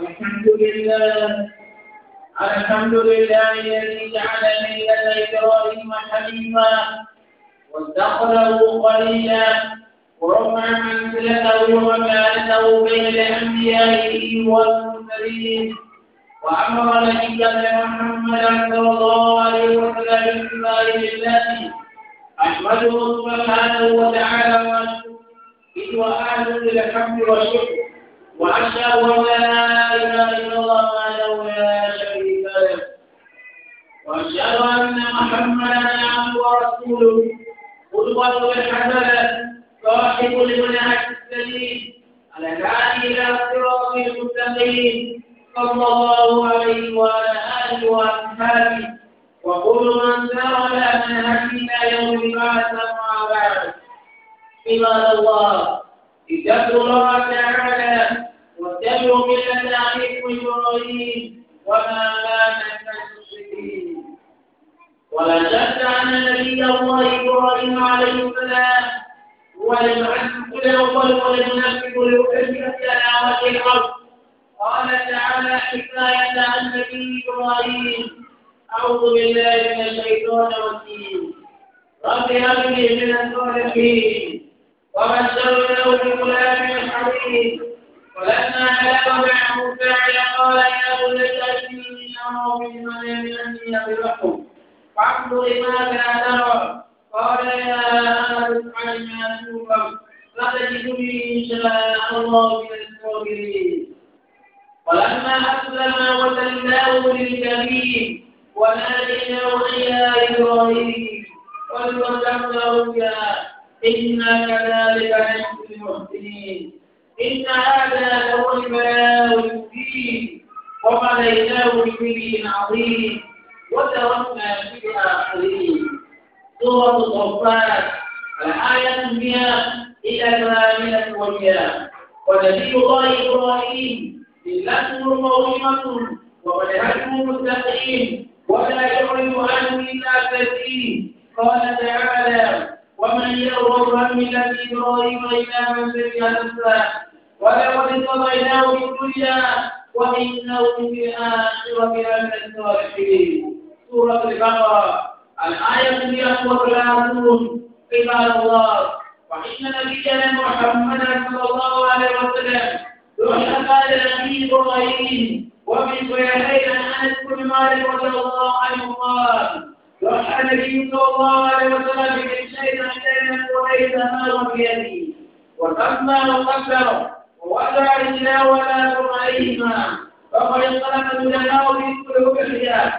الحمد لله الحمد لله الذي جعل ملة إبراهيم حليما واستقره قليلا ورفع منزلته ومكانته بين أنبيائه والمرسلين وأمر نبينا محمدا صلى الله عليه وسلم باتباع الله أحمده سبحانه وتعالى وأشكره إذ وأهل للحمد والشكر وأشهد أن لا إله إلا الله وحده لا شريك له وأشهد أن محمدا عبده ورسوله قدوة الحسنة صاحب المنهج السليم الهادي إلى الصراط المستقيم صلى الله عليه وعلى آله وأصحابه وكل من سار على منهجه إلى يوم بعث مع بعد عباد الله اتقوا الله تعالى واتبعوا ملة أخيكم إبراهيم وما كان من المشركين ولا شك أن نبي الله إبراهيم عليه السلام هو المعز كل الخلق والمنفذ والمحب على الأرض قال تعالى حكاية عن نبي إبراهيم أعوذ بالله من الشيطان الرجيم رب هب لي من الصالحين وبشرناه بغلام حليم ولما بلغ معه السعي قال يا بني إني أرى في المنام أني أبلغكم فانظر ماذا ترى قال يا أبت افعل ما تؤمر ستجدني إن شاء الله من الصابرين ولما أسلم إنا كذلك نجزي المحسنين إن هذا لهو البلاء المبين وبليناه بشيء عظيم وتركنا في الآخرين سورة الغفار الآية فيها إلى ثامنة ومئة ونبي الله إبراهيم ملته قويمة ومنهجه مستقيم ولا يعرض عنه إلا كثير قال تعالى ومن يرغب عن ملة إبراهيم إلا من سمع نفسه ولقد اصطفيناه في الدنيا وإنه في الآخرة لمن الصالحين سورة البقرة الآية 130 عباد الله وإن نبينا محمد صلى الله عليه وسلم يحب على نبي إبراهيم ومن بيانين أنس بن مالك رضي الله عنه قال صح النبي صلى الله عليه وسلم من شيء كان وليس مال بيده وقسم وقدر ووضع رجلاه ولا عليهما فقد انطلق العلماء في كل الحياه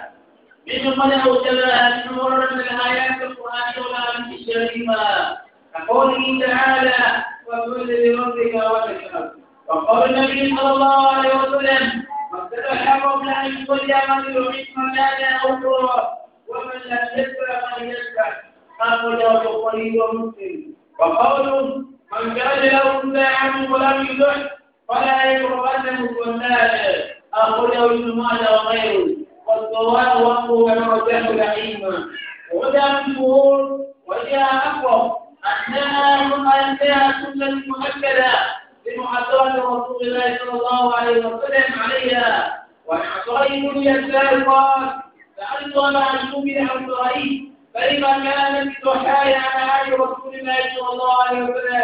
من قد اوجبها من مرة الايات القرانيه والايات الشريفه كقوله تعالى وكل لربك وتكرم وقال النبي صلى الله عليه وسلم من سبح قبل ان يصلي من يحب مكانا او ومن لم يدفع من يدفع أخرجه البخاري ومسلم وقول من كان له ساعة ولم يدح فلا يقربنه والنار أخرجه ابن ماجه وغيره والصواب وقفه كما رجعه العلم وهدى من الشهور وهي أقوى أنها أنها سنة مؤكدة لمحاصرة رسول الله صلى الله عليه وسلم عليها وعن يسال قال فأرضى مع المؤمن أنصاري فلما كانت ضحايا معاي رسول الله صلى الله عليه وسلم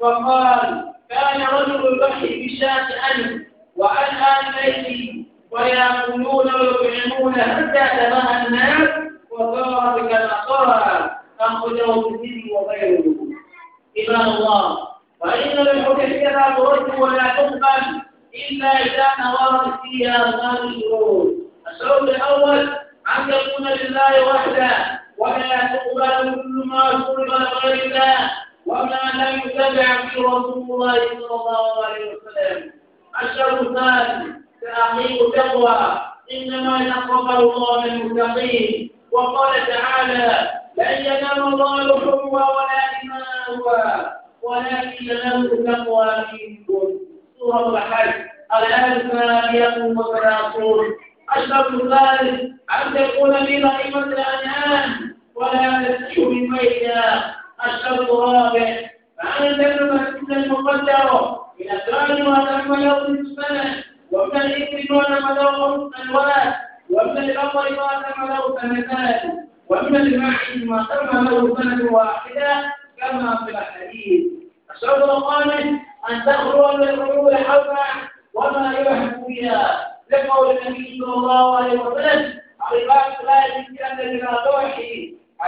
فقال كان رجل يضحي بشاة عنه وعن آل بيته ويأكلون ويطعمون حتى تباهى الناس وصارت كما صار أخرجه الترمذي وغيره عباد الله وإن الحجة لا ترد ولا تقبل إلا إذا نورت فيها أرض الشرور الشرط الأول أن يكون لله وحده ولا تقبل كل ما قرب لغير الله وما لم يتبع في رسول الله صلى الله عليه وسلم الشرط الثاني تحقيق التقوى إنما يتقبل الله من المتقين وقال تعالى لن ينام الله لحومها ولا دماؤها ولكن له التقوى منكم سورة الحج الآن الثانية والثلاثون أشرف ذلك أن تكون لي رحمة الأنعام ولا تسيء من بينها الشرط الرابع فأن تكون المقدر من أسرار ما وأتمنى الإنسان ومن الإثم وأتمنى السنوات ومن الأمر وأتمنى سنتان ومن المعين ما تم له سنة واحدة كما في الحديث الشرط الخامس أن تخلو من الحلول حولها وما بها لقول النبي صلى الله عليه وسلم عباد لا يمكن إلى روحه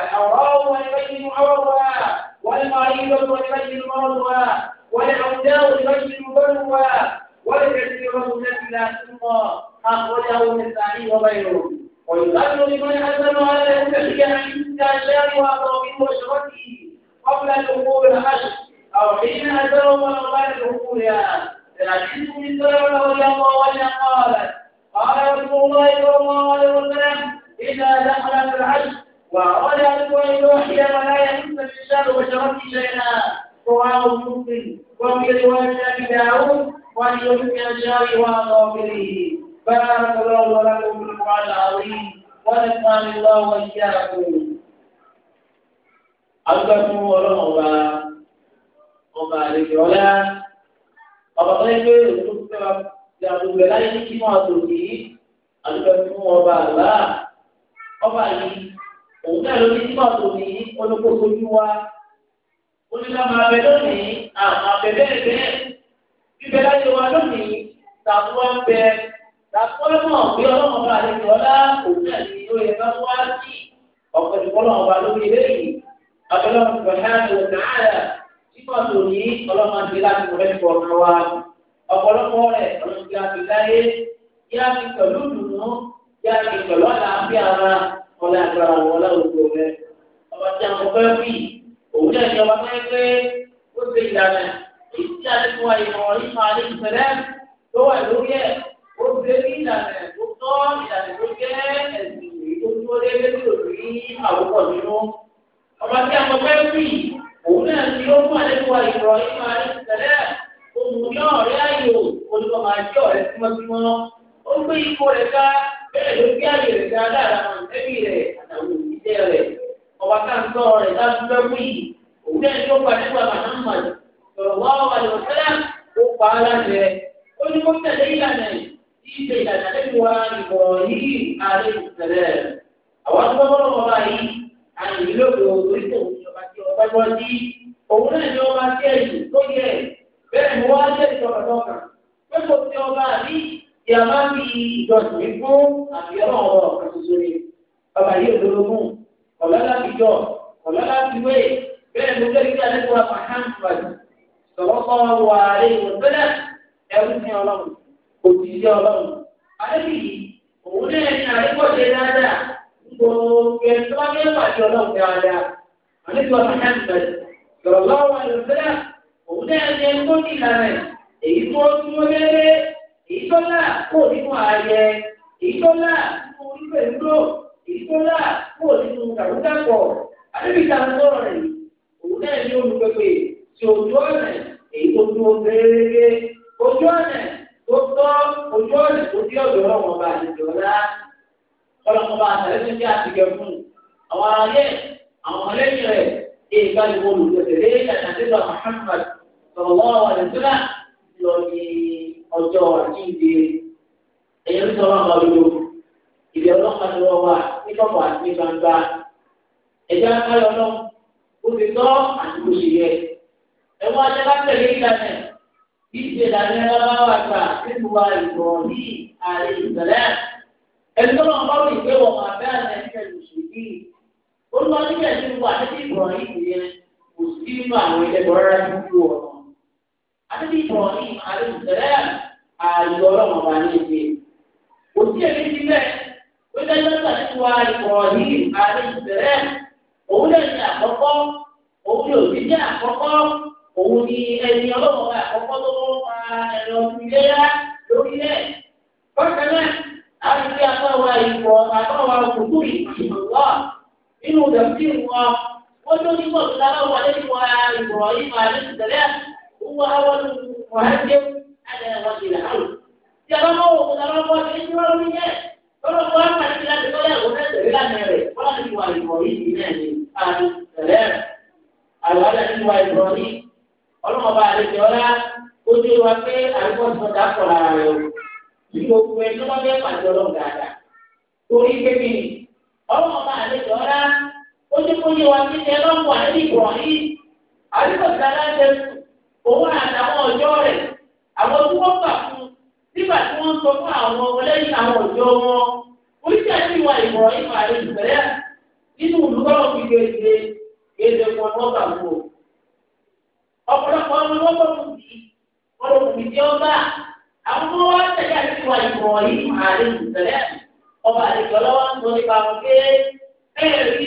الأوراق ويبين عورها والمريض ويبين مرضها والعداء يبين بلوها والكثير التي لا تسمى أخرجه النسائي وغيره ويقال لمن أذن على الكشف عن استعجال وأطرافه وشرته قبل دخول الحشد أو حين أذنوا من غير دخولها العزيز بن سلمة رضي الله عنه قال قال رسول الله صلى الله عليه وسلم إذا دخل في العشق وأراد أن يوحي ولا يحس الإنسان بشرته شيئا رواه مسلم وفي رواية أبي داود وأن يحكي الشارع وأظافره بارك الله ولكم في القرآن العظيم ونفعني الله وإياكم أرجو ولو أبا أبا ولا ọ̀pọ̀ tó ń gbé òṣù fẹ́ wa gbàgbé láyé ní kí wọ́n tó kì í àdúgbò fún ọba àlá ọba yìí òun náà ló ní kí wọ́n tó kì í olóko fojú wa ó ní ká máa bẹ lónìí àmà bẹ bẹ́ẹ̀ bẹ́ẹ̀ bíbẹ láyé wa lónìí tàbúrò ń bẹ tàbúrò mọ̀ pé ọlọ́mọ bá lè tọ́ lá òun náà ní ó yẹ ká wá sí ọ̀pọ̀ ìfọlọ́mọba lórí eléyìí abẹ́lẹ́ títọ́ tó ní ọlọ́mọdé láti wọlé fún ọmọ wa ọ̀pọ̀lọpọ̀ rẹ̀ ọlọ́mọdé láti láyé yá ti pẹ̀lú dùnú yá ti pẹ̀lú àlàáfíà ara ọ̀là àgbàrá wọn láwùjọ rẹ̀ ọba tí a mọ̀ fẹ́ fi òun náà ní ọba fẹ́ pé ó ṣe ìlànà èyí tí a ti fún wa ìmọ̀ nípa alẹ́ ìfẹ́lẹ́ tó wà lórí ẹ̀ ó ṣe ní ìlànà tó tọ́ ìlànà tó jẹ́ ẹ̀sìn ìdókòwò òun náà ni ó mú àlékún àìkọ́ nínú àlẹ́sẹ̀lẹ̀ ohun ní ọ̀rẹ́ ayò olùkọ́ máa jẹ́ ọ̀rẹ́ tímọ́tímọ́ ó gbé ipò rẹ̀ ká bẹ́ẹ̀ ló gbé àyè rẹ̀ ká lára àwọn ẹbí rẹ̀ àtàwọn òṣìṣẹ́ rẹ̀ ọba káńtọ́ rẹ̀ lábẹ́ wí òun náà ni ó pa nípa Muhammad sọ̀rọ̀wá àlùfẹ́lá ó pa á láṣẹ ó ní kó tẹ̀lé ìlànà ìṣe ìlànà lẹ́nu wa ìbọ̀rọ̀ yìí àlẹ́ pẹ̀lú ọdí òun náà ni ọba tí ẹ̀yìn tó yẹ bẹ́ẹ̀ ni wọ́n á jẹ́ ìjọba tọ́ka pé kò sí ọba àbí ìyàbá fi ìjọsìn mi fún àbíọ́rọ̀ ọ̀rọ̀ kan ṣoṣo ni ọba yìí òdòdógún ọ̀lá láti jọ ọ̀lá láti wé bẹ́ẹ̀ ló jẹ́ kíkà nípa pàṣán sọ̀rọ̀ kọ́ wà lé ìwọ̀nbẹ́lẹ̀ ẹrú ní ọlọ́run òjijì ọlọ́run adébíyì òun náà ní àríkọ̀ṣe dáadáa gbogbo ẹ̀ńtọ́ àlejò Muhammad sallallahu alaihi wasallam òun náà ní ẹni tó ní ìlànà èyí tó dúró lélẹ̀ èyí tó là kó nínú ààyè èyí tó là nínú ìfẹ́ dúró èyí tó là kó nínú kàrúkàpọ̀ àlejò ìtàn sọ̀rọ̀ rẹ̀ òun náà ní olùpẹ̀pẹ̀ tí ojú ọ̀nà èyí tó dúró lélẹ̀ ojú ọ̀nà tó tọ́ ojú ọ̀nà tó dí ọ̀dọ̀ ọlọ́wọ́n bá àwọn ọmọlẹ́yìn rẹ̀ ṣe ìgbàlùwọ̀ olùgbẹ̀tẹ̀lé àtàtẹ́gbà Muhammad sallallahu alaihi wasallam lọ ní ọjọ́ àjíǹde ẹ̀yẹ ń sọ̀rọ̀ àwọn olùdó ìdí ọlọ́pàá ni wọ́n wà ní kọ̀kọ̀ àti ní gbangba ẹ̀jẹ̀ akáyọ̀ lọ ó ti tọ́ àti kò sì yẹ ẹ̀wọ́n ajẹ́ká tẹ̀lé ìlànà ìdí ìlànà ẹ̀rọ àgbà nínú wa ìbọ̀ ní ààrẹ ìgbàlẹ́ ẹ̀dọ́nà ọ̀pọ̀ ìgbéwọ̀n àbẹ́ àná ẹ̀ṣẹ̀ lùsùn yìí ó lọ níbẹ̀ tí mo wà níbi ìbọ̀rọ̀ yìí yẹn kò sí nínú àwọn ẹlẹ́gbọ̀n rárá tó kú ọ̀nà. àdébí ìbọ̀rọ̀ yìí àdébí ìtẹ̀lẹ́ àlù ọlọ́run ọba ní ìgbé. kò sí èmi síbẹ̀ ó jẹ́ lọ́sà tí wà ìbọ̀rọ̀ yìí àdébí ìtẹ̀lẹ́ òun lè ní àkọ́kọ́ òun lè òbí jẹ́ àkọ́kọ́ òun ni ẹni ọlọ́run ọba àkọ́kọ́ tó ń pa ẹ̀rọ ìlera lórílẹ̀. bákan náà nínú ìdàgbé wọn wọ́n tó ní bọ̀dù lára wà lẹ́yìn wa ìbọ̀rọ̀ yìí máa lẹ́sìn tẹ̀lé wọ́n á wọ́n lu wàhálẹ́ alẹ́ wọn ti là áwò. tí a bá mọ òkú lára wọn ti ní wọn ní yẹn lọ́dọ̀ tó wá pàdé láti lọ́dọ̀ ẹ̀wọ̀n náà tẹ̀lé lánàá rẹ̀ wọ́n á ní wa ìbọ̀rọ̀ yìí náà ní àti tẹ̀lé rẹ̀ àwọn alẹ́ ní wa ìbọ̀rọ̀ yìí ọlọ́mọba àlejò ọlá ó dé wa pé àlùkọ́sọ̀dá kọ̀ lára rẹ̀ o ìgbòkùn ẹ̀ lọ́wọ́ bẹ́ẹ̀ pàdé ọlọ́mọba àdá torí pé kí ni ọlọ́mọ kó yé wa títí ẹ lọ́pọ̀ àdébí Ibrahim àdébò sàlá jẹ òun àtàwọn ọjọ́ rẹ̀ àwọn tí wọ́n gbà fún nígbà tí wọ́n sọ fún àwọn ọmọlẹ́yìn àwọn ọjọ́ wọn oríṣi àti ìwà Ibrahim àdébò ike ndị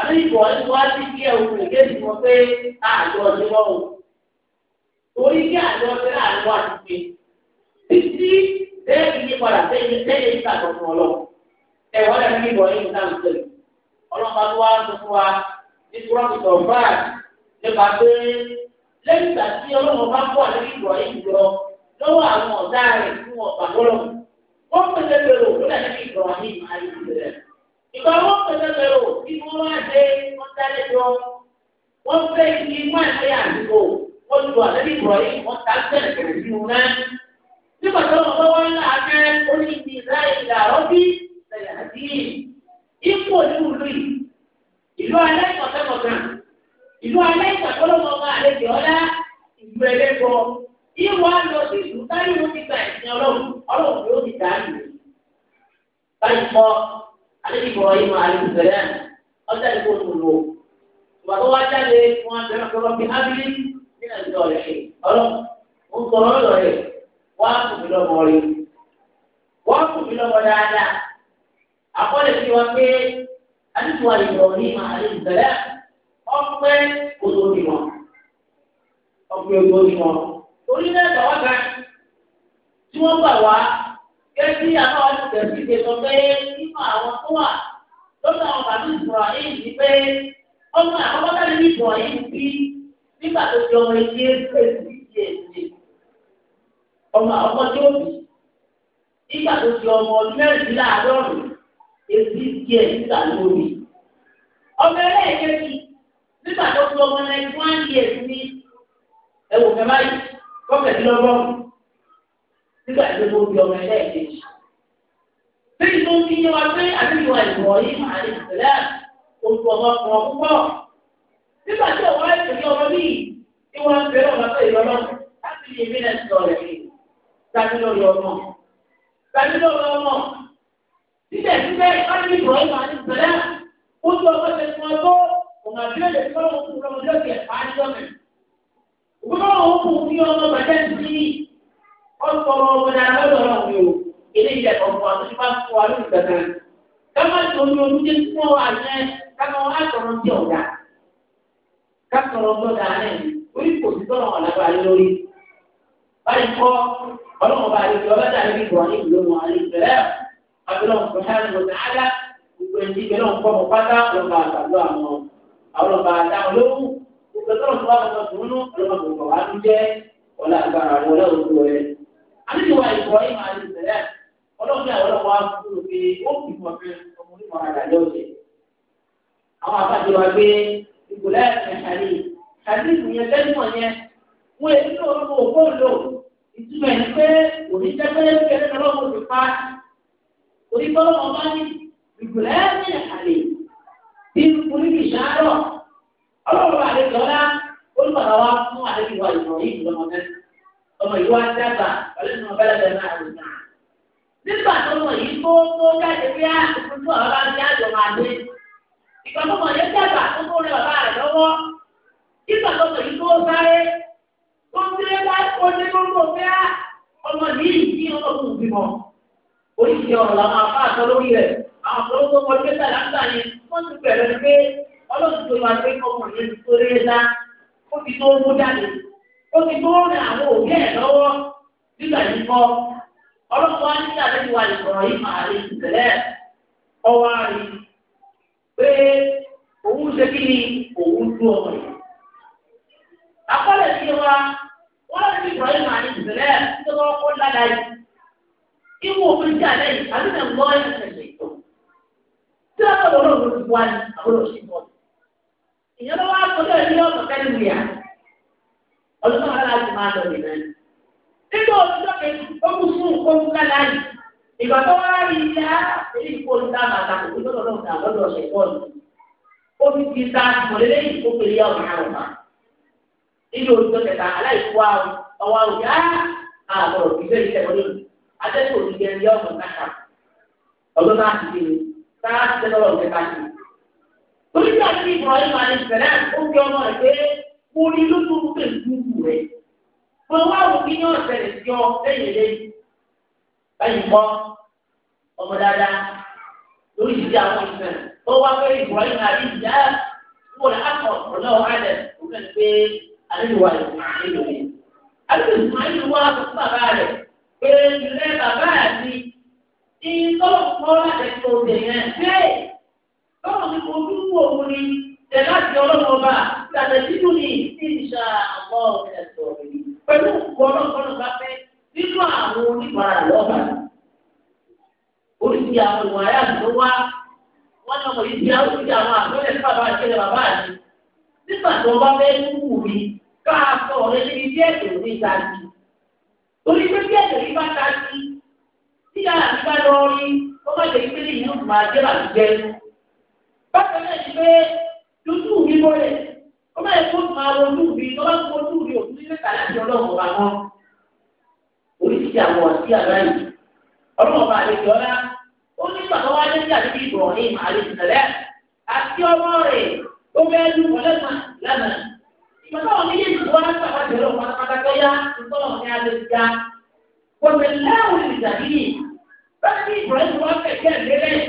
àbí ìbò ẹni wá sí kí ẹwù rẹ̀ kéde mọ̀ pé àjọ ọdún lọ́wọ́ orí kí àjọ ọdún láàrin wà sí pé títí lẹ́yìn yí padà sẹ́yìn sẹ́yìn yí kàtọ̀ fún ọlọ́wọ́ ẹ̀wọ́n dàbí ìbò ẹni náà ń sẹ́yìn ọlọ́pàá tó wá ń sọ fún wa ní kúrọ́pìtọ̀ báyìí nípa pé lẹ́yìn ìgbà tí ọlọ́wọ́ bá kó àlẹ́ ìbò ẹni jọ lọ́wọ́ àwọn ọ̀dá rẹ̀ fún ọ̀pàgbọ́lọ́ wọ́n pèsè pèrò lọ́dà níbi ìbò ẹni ìgbà pẹ̀lẹ́pẹ̀ o kí wọ́n wá dé wọ́n dálé jọ wọ́n fẹ́ kí wọ́n àti àdúgbò wọ́n lu àlẹ́bí ìbọ̀lì wọ́n ta sẹ́ẹ̀ tó fi wù náà. nígbà tó wọn bá wọn là fẹ́ oníṣì láì là ọ́bí ṣẹlẹ̀ àti ipò onílù yìí ìlú alẹ́ kọ̀tẹ́kọ̀tàn ìlú alẹ́ ìṣàkólọ́mọ ọmọ àlejò ọ̀dá ìlú ẹlẹ́gbọ́ ìwọ àlọ́ sí ìlú táyé wọn ti gba ìsìn ọlọ́run ọlọ́run ló ti dà á nù. báyìí kọ́ àdébí Ibrahim alayhi salam ọjà ní kóòtù lò ìbàdàn wá jáde wọn àtẹnà kọlọ bí abili nínú ìjọ rẹ Ọlọ́run ń sọ̀rọ̀ lọ rẹ wọn á kùn mí lọmọ rẹ wọn á kùn mí lọmọ dáadáa àkọlẹ fi wọn pé àdébí wọn Ibrahim alayhi salam ọpẹ́ kòtò ní wọn ọpẹ́ kòtò ní wọn torí náà tọwọ́ kan tí wọ́n gbà wá. gẹ́gẹ́ bí àwọn olùdẹ̀bí ṣe sọ pé nínú àwọn tó wà lọ́dọ̀ àwọn bàbá ìbùrọ̀ yìí ni pé ọmọ ní ìbùrọ̀ yìí nígbà tó di ọmọ ìdí ẹgbẹ́ ìdí ọmọ bì nígbà tó di ọmọ ọdún ìdí ọmọ nígbà tó di ọmọ nígbà tí ó bí ọmọ ẹlẹ́ẹ̀kejì. Bẹ́ẹ̀ni tó ń fi yẹ wa pé àdéhùn àìmọ̀ yìí máa lè tẹ̀lé oṣù ọmọ fún ọ púpọ̀. Nígbà tí ọ̀wá ìpèsè ọmọ bíi tí wọ́n ń bẹ̀rẹ̀ ọ̀nà pé ìrọ̀lọ́ láti lè mí lẹ́sìn ọ̀rẹ́ mi. Dájú lórí ọmọ. Dájú lórí ọmọ. Síbẹ̀ síbẹ̀ àdéhùn ìmọ̀ yìí máa lè tẹ̀lé oṣù ọmọ tẹ̀ fún ọ tó ọ̀nà bí ó lè fọ́ ọmọ fún ọmọ ọ̀sọ̀rọ̀ ọ̀gbìn alọ́dọ̀ náà ni o eléyìí ẹ̀kọ́ fún wa lórí kámá tó ní fún kámá ti orí kò sí lórí. báyìí bá yẹ kí ní ìlú wọn àlè gbogbo ẹni pátá àgbàdo àwọn gbogbo àbíkíwá Ibrahim àdìsẹ́lẹ̀ ọlọ́run àwọn ọlọ́wọ́ àbúrò pé ó kì í mọ̀fẹ́ ọmọ onímọ̀ àdàlẹ́ ọ̀sẹ̀. àwọn àbájọ wa gbé ìgbòlá ẹ̀sìn àlè àti ìgbìyànjú ẹ̀sìn yẹn wọ́n èyí tó ń lo ògbóhùn lò ìtumọ̀ ẹ̀ pé òní jẹ́ pé kẹ́kẹ́ ọlọ́run ti pa òní bọ́ ọmọ bá ní ìgbòlá ẹ̀sìn àlè bí ìkùnrin ọmọ yìí wá dábàá pẹ̀lú ìmọ̀ bẹ́lẹ̀dẹ̀ náà rò náà. nígbà tó mọ̀ yìí tó tó jáde bí àtúntò ọ̀rọ̀ àti àjọ máa dé. ìgbà tó mọ̀ yìí dábàá tó tó rí bàbá rẹ̀ lọ́wọ́. nígbà tó mọ̀ yìí tó sáré tó ń tẹ́lẹ̀ bá ó ní gbogbo fẹ́ ọmọ yìí kí ọmọ kù bímọ. oríṣi ọ̀rọ̀ làwọn afá àtọ́ lórí rẹ̀ àwọn tó ń gbọ́ pé sàlámùsà ni wọ́n ti bẹ̀rẹ̀ pé ọlọ́run tó máa gbé ọkùnrin tó rí ó ti tó rìn àwọn òbí ẹ̀ lọ́wọ́ nígbà yìí kọ́ ọlọ́run wá nígbà lẹ́yìn ìsọ̀rọ̀ yìí máa rí ọwọ́ pé òun ṣe kí ni òun tú ọmọ yìí. àkọlẹ̀ wa wọ́n lọ sí ìsọ̀rọ̀ yìí máa rí ìtẹ̀lẹ́ tó yìí. òfin a yìí, àbí ń gbọ́ ẹ̀ tó. Tí lọ́wọ́ ọdún náà láti máa lọ nìyẹn náà. nígbà òṣìṣẹ́ kejì ó kú fún òkú kálá yìí ìgbà tó wá rí ya èyí kò ní ká bàtà kò tó lọ́dọ̀ ọ̀dà lọ́dọ̀ ọ̀sẹ̀ bọ́ọ̀lù ó fi ti ta mọ̀lẹ́lẹ́ yìí kó pèlè ọ̀nà àrùnmá. nígbà òṣìṣẹ́ kẹta aláìkú àwọn ọwọ́ àwọn yá àbọ̀rọ̀ ìgbẹ́ ìṣẹ̀wọ̀n lónìí adẹ́kọ̀ọ́ ìgbẹ́ ìyá ọ̀nà káka ọdún náà ti dé sáà ti tẹ́lọ̀ ọ̀gẹ́ta sí. torí bí àti ìbùrọ̀ yìí máa ń fẹ̀rẹ̀ ó fi ọmọ rẹ̀ pé orí ló tó tó tẹ̀lé gbogbo rẹ̀ pé wá wò kí yóò ṣẹlẹ̀ sí ọ lẹ́yìn lẹ́yìn báyìí kọ́ ọmọ dáadáa lórí ìdí àwọn ìfẹ́ tó wá pé ìbùrọ̀yìn ali ìdá wọ́n lè akọ̀ ọ̀nà ọ̀hánẹ̀ òun náà pé àlejòwà ìlú àlejòwà ìlú wa fún bàbá rẹ̀ pé ilé bàbá àti ìtọ́lọ́pọ̀ láti tó bẹ̀rẹ̀ bẹ́ẹ̀ lọ́wọ́ ni mo dúró òun ni tẹ̀lé àti ọlọ́run ọba gbàdé nínú ní ìṣà àwọn ọ̀kẹ́tọ̀ yìí pẹ̀lú ọlọ́run bá fẹ́ nínú àwọn oníbàárà lọ́ba. oríṣi àwọn ìwà ayé àtúntò wá wọn náà wọ̀nyí ti àwọn oríṣi àwọn àgbẹ̀lẹ̀ nípa bá kẹlẹ̀ bàbá àti nígbà tó bá fẹ́ kú mi káà sọ ọ̀rẹ́ níbi bí ẹ̀jẹ̀ òní ta sí. torí pé bí ẹ̀jẹ̀ yìí bá ta sí tí yàrá mi bá lọ rí ọmọ ìjẹ̀ bí bọ́lẹ̀ ó bá yẹ kó máa ronú bí tó bá kó ronú bí òkú nílé kàlá ti ọlọ́run wa mọ́ oríṣiríṣi àwọn ọ̀sí àbáyé ọlọ́run bá àlejò ọlá ó ní bàbá wa lé sí àdébí Ibrahim àlejòlẹ́ àti ọmọ rẹ̀ ó bẹ́ẹ̀ lu ọlẹ́sàn lánàá ìgbàgbọ́ wọn níyẹn ti wá sábà jẹ́rọ wọn pátákó yá ìtọ́lọ̀ ní alẹ́ ti já pọ̀tẹ́láwùn ìdàgìrì bẹ́ẹ̀ ni Ibrahim wá kẹ̀kẹ́ lélẹ̀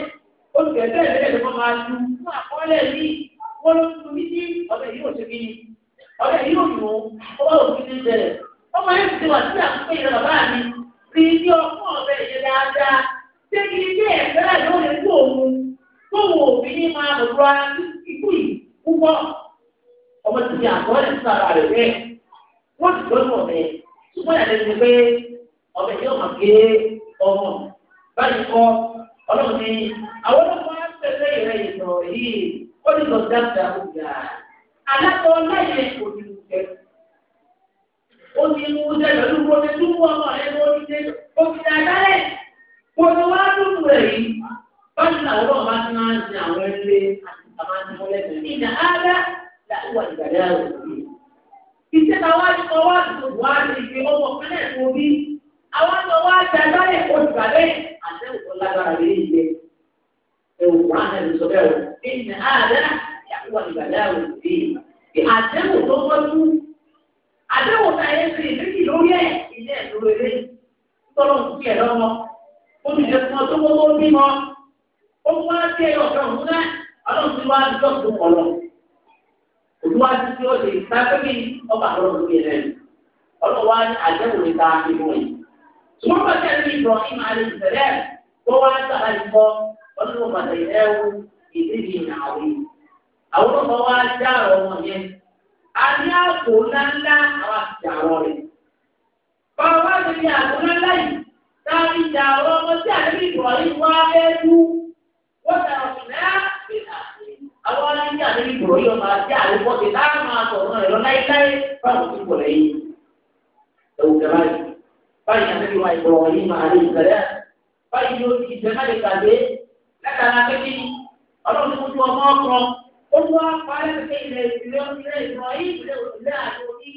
ó kẹ̀kẹ́ lélẹ̀ ló máa lu fún àkọọ́lẹ̀ ní wọ́n ló ọbẹ̀ yìí ò ṣe kí ni ọbẹ̀ yìí ò nù ó òfin ní bẹ̀rẹ̀ ọmọ yẹn ti wà sí àkókò bàbá mi ti ọbẹ̀ yẹn dáadáa ṣé kí bẹ́ẹ̀ fẹ́rẹ́ ló lè òun tó òfin ní máa lò ikú yìí púpọ̀ ọmọ ti àkọọ́lẹ̀ sí ara rẹ̀ bẹ́ẹ̀ wọ́n ti ọbẹ̀ ṣùgbọ́n bẹ́ẹ̀ tó wá sára ìkọ ọdún pàtàkì ẹ̀wù ìdíje ìyàwó yìí. àwọn ọmọ wa já ọ̀rọ̀ wọn yẹn. a ní àpò ńláńlá àwọn àtìjà ọ̀rọ̀ rẹ̀. báwo wá ti ní àpò ńláńlá yìí táwọn ìjà ọ̀rọ̀ ọmọ tí àdébí ìbọ̀ yìí wá ẹ̀rú wọ́n tẹ̀ ọ̀sùn náà àwọn aláǹdí àdébí ìbò yìí ọmọ àti àdébọ̀ ti láti máa sọ̀rọ̀ ẹ̀rọ láíláí báwo ti pọ̀ lẹ́yìn. ẹ̀wù kẹfà yìí báyìí àdébí wa ìbọ̀wọ̀ yìí máa lè gbẹ̀rẹ́ báyìí ló ti ìjẹ má lè gbàgbé látara kékeré ọlọ́run tó tún ọmọ ọkọ ó wá parí pé ilẹ̀ ìlú ilẹ̀ ìlú ayé ìlú ìlú àti orí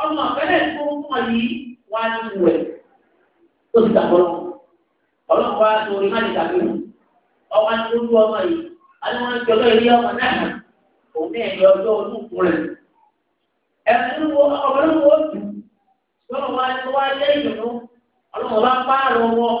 ọmọ àfẹ́lẹ́ tó ń pọ̀ yìí wá ní ìlú ẹ̀ tó ti dàgbọ́ lọ. ọlọ́run wá sórí má lè gbàgbé mu ọmọ ní olú ọmọ yìí aláwọn ti ọlọ́ ilé ọmọ náà òun ní ẹ̀yọ ọjọ́ olúkú rẹ̀. ẹ̀rọ ọmọ náà wọ́n tù lọ́wọ́ wá lẹ́yìn ọlọ́run wá pààrọ̀ wọn.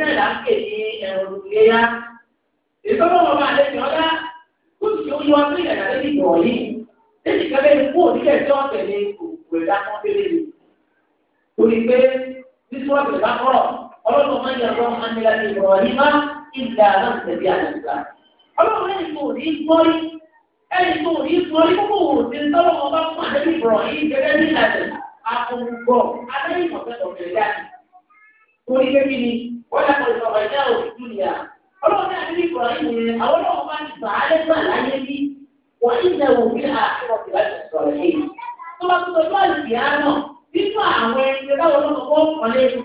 náà là ń pè ní ẹ̀rù ìlera. Èso náà wọn máa lẹ́sìn ọlá tó ti ṣe olúwa tó ìyàrá lé ní ìwọ̀ yìí. Lẹ́sìn kẹ́lẹ́ ní fún òdílé tí wọ́n tẹ̀lé òkú ẹ̀dá kan péré ni. Torí pé bísí wọ́n tẹ̀lé bá kọ́rọ̀ ọlọ́run máa ń yẹ ọgbọ́n máa ń nílá ní ìwọ̀ yìí má ìgbà náà tẹ̀lé àdàgbà. Ọlọ́run ẹni tó rí gbọ́rí ẹni tó rí gbọ́rí kókó wò ti tọ́lọ́mọ bá fún àdébí ìbọ̀rọ̀ yìí gẹ́gẹ́ bí ìlànà àkùnkùn àdébí ìmọ̀tẹ́tọ̀ kẹ̀lẹ́ àti. Torí pé kí ni wọ́n kò sọ ọ̀jẹ́ òkú ni à. ọlọ́run náà ní ìkọ̀ yìí àwọn ọlọ́run bá ti bàá lẹ́gbà láyé bí wọ́n ti jẹ òbí àkọ́kọ́ láti sọ̀rọ̀ yìí. tó bá tó náà nínú àwọn ẹgbẹ́ báwo kọ́ ọ̀lẹ́ ọlọ́run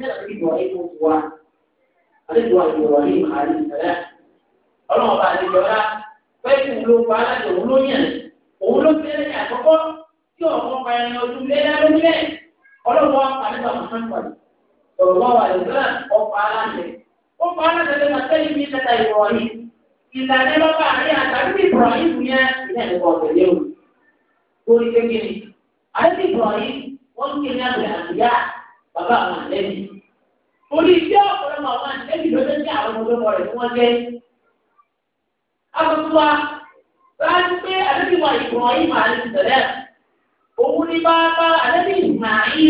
bá ló pa òun ló sallallahu alaihi wasallam ọ̀pọ̀ aláṣẹ. ó pa aláṣẹ lẹ́nu àtẹ́lẹ́ mi tẹ́ta ìrọ̀lẹ́. ìlànà bàbá àrí àtàrí ìbùrọ̀yìn yẹn ìyá ìwọ̀ tẹ̀lé o. torí kékeré àti ìbùrọ̀yìn wọ́n ń kéde àgbẹ̀ àbíyá bàbá àwọn àlẹ́bí. torí iṣẹ́ ọ̀pọ̀lọpọ̀ àwọn àlẹ́bí ló dé sí àwọn ọmọdé rẹ̀ tí wọ́n jẹ́. akọ̀tùwà láti pé àlẹ́bí wa ìbùrọ̀yìn máa ń tẹ̀lé. òun ni bá bá àlẹ́bí ìsmáyìí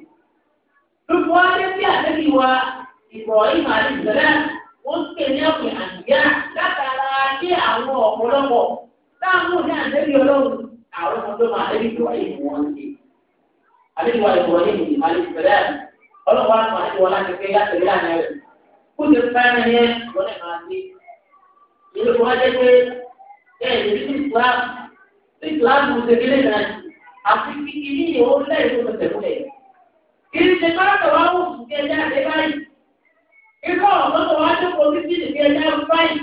gbogbo adé tí àdébí wa ìbọ̀yìn àdìgbẹ́lẹ́ wọ́n ń pè ní ọ̀pẹ̀ àdìyá látara dé àwọn ọ̀pọ̀lọpọ̀ táwọn ní àdébí ọlọ́run àwọn ọmọdé máa débí ìbọ̀yìn wọn ṣe. àdébí wa ìbọ̀yìn àdìgbẹ́lẹ́ ọlọ́pàá àti àdébí wa láti pé láti rí àná rẹ̀ kó lè fẹ́ ẹni yẹn wọ́n lè máa kìí ṣe kọ́lọ́tọ̀ wá wò fún kí ẹja àdé báyìí ikọ́ ọ̀gbọ́tọ̀ wá jókòó títí ní kí ẹja àdé báyìí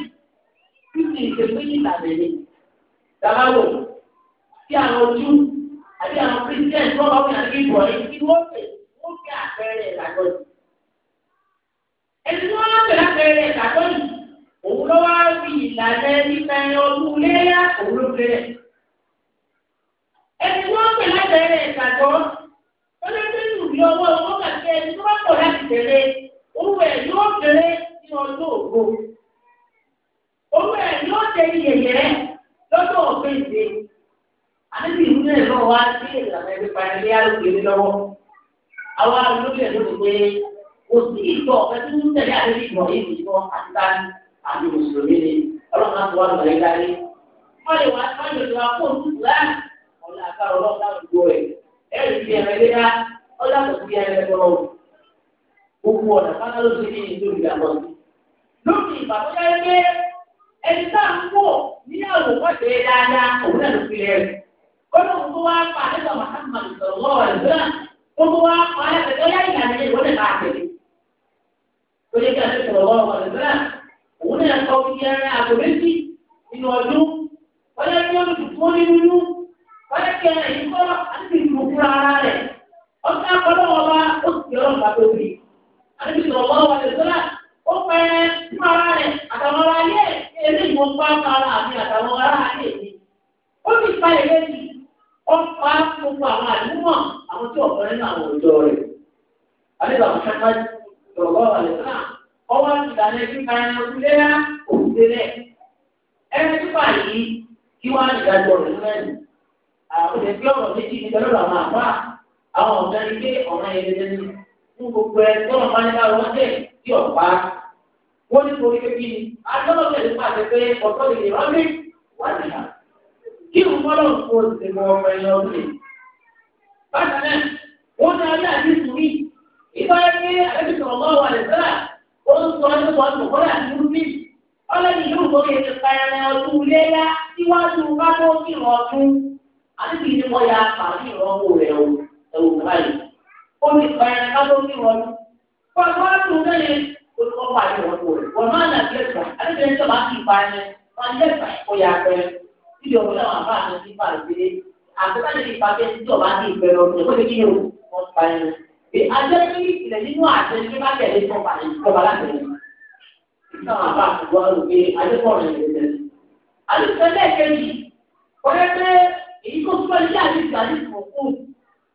títí ìṣe méjì tàbí ní dábàlò tí àwọn ojú àbí àwọn christian tó wọ́n wọ́n yàgbé ìbọ̀ yìí kí wọ́n fẹ́ wọ́n fẹ́ àpẹẹrẹ ìlàjọ yìí. ẹni tí wọ́n fẹ́ àpẹẹrẹ ìlàjọ yìí òun ló wá fi ìlànà nípa ọdún léyà òun ló fẹ́ rẹ̀. ẹni tí wọ́n fẹ́ àpẹẹrẹ ìlàjọ ìdí ọwọ́ ọmọ kàkẹ́ ẹni tó bá pọ̀ láti tẹ̀lé owó ẹ̀ yóò tẹ̀lé ní ọjọ́ ògo. owó ẹ̀ yóò tẹ iyẹ̀yẹ́ lọ́dọ̀ ọ̀gbẹ́ǹde. àdébí ìwúlẹ̀ náà wá sí ìlànà ẹgbẹ́ parí alóògbé lọ́wọ́. àwa lórí ẹ̀ lóde pé kò sí ìgbọ̀ ọ̀fẹ́ tó ń tẹ̀lé àdébí ìgbọ̀ yìí nìkan àti táyì àti mùsùlùmí ni ọlọ́run á ti wá lọ́ọ̀ yẹn dárí. wọ́n lè wá ọjà tó fi ẹrẹ tọrọ o gbogbo ọ̀nà kánà ló ti ní ìlú ìdàgbọ́ sí. lórí ìbàdójá yẹn pé ẹni tá à ń wò ní àwòkọ́ṣe dáadáa òun náà ló fi rẹ̀ ó lóun tó wá pa nígbà màtàmà ìsọ̀rọ̀ lọ́wọ́ rẹ̀ gbọ́dọ̀ ó tó wá pa ẹ̀fẹ̀ tó yá ìyá rẹ̀ ìwọ́n nípa àtẹ̀lé. ó lè kí àti sọ̀rọ̀ lọ́wọ́ rẹ̀ gbọ́dọ̀ òun náà sọ fi ẹran àgbò méjì nínú ọdún wọ́n yẹ kí ó lù ọ̀sán akọ́lọ́wọ́ bá ó sì ọlọ́run bá tó rí i. àti sọ̀rọ̀ wọ́n wà lẹ́sọ́lá ó pẹ́ rẹ̀ àtàwọn ará mi àtàwọn ará mi. ó mi ó gbogbo àwọn àdúgbò àwọn tí ọ̀pọ̀ nínú àwọn òjò rẹ̀. sọ̀rọ̀ wà ọwọ́ ẹbí rá òkúté rẹ̀. ẹni yìí kí wọ́n á ìdájọ́ rẹ̀ lẹ́yìn. àwọn àwọn ọ̀gá ni pé ọ̀ràn yẹn lè ní fún gbogbo ẹ tó wọn bá ní káwọn ọdẹ tí ọ̀pá wọn ní torí pé kí ni adọ́lọ́gbẹ̀ nípa àti pé ọ̀tọ́ lè lè rámi wọ́n ti hà kí n fọ́lọ́ kó o mọ ọmọ ẹ̀yìn ọdún bákan náà wọ́n ní alẹ́ àti sùúrì ìbára pé àdébìtàn ọmọ wà lẹ́sẹ̀rà ó ń sọ ọdún léyà tó kí ẹ̀wù báyìí. ó ní ìpayà ká ló ní wọn. pàtó àtò náà yẹn olùkọ́ pàdé wọn kò rẹ̀. wọ́n máa nà bílẹ̀ gbà àdébẹ̀ ń sọ̀rọ̀ àti ìpayà yẹn wọ́n lé ẹ̀fà ẹ̀kọ́ ya pẹ́. bíbí ọ̀pọ̀ náà wà fáà ní fà gbé. àtẹ̀sáde ní ìpàdé tí ọ̀bá ní ìpẹ́ lọ sí ẹ̀kọ́ ìdíyẹ̀ wọn pa ẹ̀. àjẹ́ ní ìpìlẹ̀ nínú àjẹ́ ní bá tẹ̀lé fún ọ̀bà ìjọba láti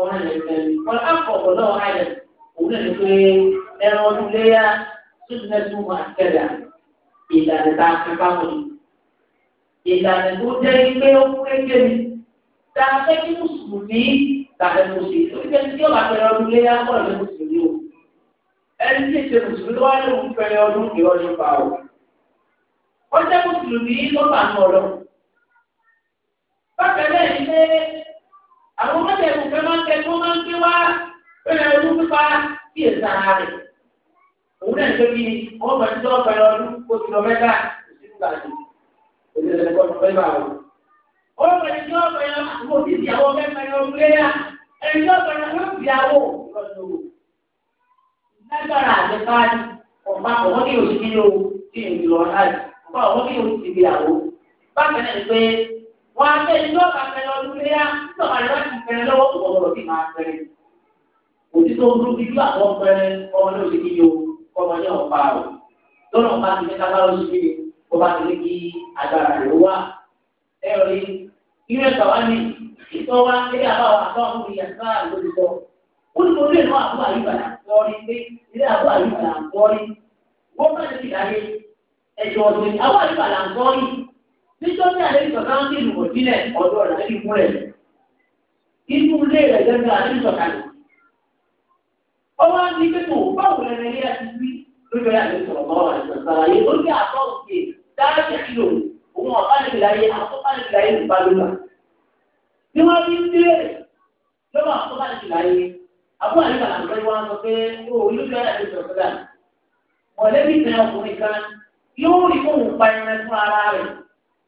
ọ̀rẹ́ rẹ̀ fẹ́ẹ́ wọn akọ̀kọ̀ náà ayẹ̀ òun náà ní pé ẹran ọdún léyà tuntun náà tún wọn àtẹ̀dà ìlànà tá a fi báwọn yìí ìlànà tó jẹ́ pé ó kéde ni tá a fẹ́ kí mùsùlùmí tàbí mùsùlùmí ó ti tẹ́tí tí ó bá fẹ́ràn ọdún léyà kọ́ ọ̀rẹ́ mùsùlùmí o ẹni tí ìṣe mùsùlùmí ló wá ní òun fẹ́ràn ọdún kì í ọdún pa o ó jẹ́ mùsùlùmí ló bá ń ọ̀rọ̀ bákan náà ni pé àwọn mọ́tẹ̀ẹ̀mù fẹ́ máa ń tẹ tó máa ń gbé wá bẹ́ẹ̀ ọdún pípa kí è sára rẹ̀ òun náà tó bí ọmọ tí wọ́n pẹ̀lú ọdún kó ti lọ mẹ́ta òsì nígbà tó òun lè tó fẹ́ bá wọn. ọmọ tí wọ́n pẹ̀lú àwọn òbíbi àwọn mẹ́fẹ̀ẹ́ ọdún léyà ẹni tí wọ́n pẹ̀lú àwọn òbí àwọ̀ wọ́n á fẹ́ ní ọ̀gá fẹ́ lọ lórí yá sọ̀rọ̀ àlọ́ ti fẹ́ lọ́wọ́ tó wọ́n lọ sí máa fẹ́. Òtí tó ń dúdú ju àwọn fẹ́ ọmọ náà ṣe kíyó ọmọ náà pa o. Lọ́nà bá ti ní kápá lọ sí kíyó kó bá ti ní kí agbára rẹ̀ wá. Ẹ ò rí irú ẹ̀ka wá ní ìtọ́ wá ilé àbáwọ̀ àtọ́kùn ìyàtọ̀ àgbòdìbọ̀. Ó ní mo rí níjọ́ tí àlejò sọ̀tà ń dìbò kò sílẹ̀ ọ̀dọ́ rẹ̀ ní ìmúlẹ̀ inú ilé rẹ̀ gẹ́gẹ́ àlejò sọ̀tà lò. ọwọ́ á ní pẹ́tò báwo lẹ rẹ̀ yá ti wí lórí àlejò sọ̀rọ̀ mọ́ àlejò sọ̀tà yìí ó ní àtọ́ òkè dáàbì kìlò òun ọ̀pánìkìláyé àtọ́pánìkìláyé ló bá lóla. bí wọ́n fi ń dé lọ́wọ́ àtọ́pánìkìláyé àbúrò àlejò àlejò wọn sọ pé ó lórí àlejò sọ̀tà mọ̀lẹ́bí kan ọkùnrin yóò rí fóun pa ẹran fún ara rẹ̀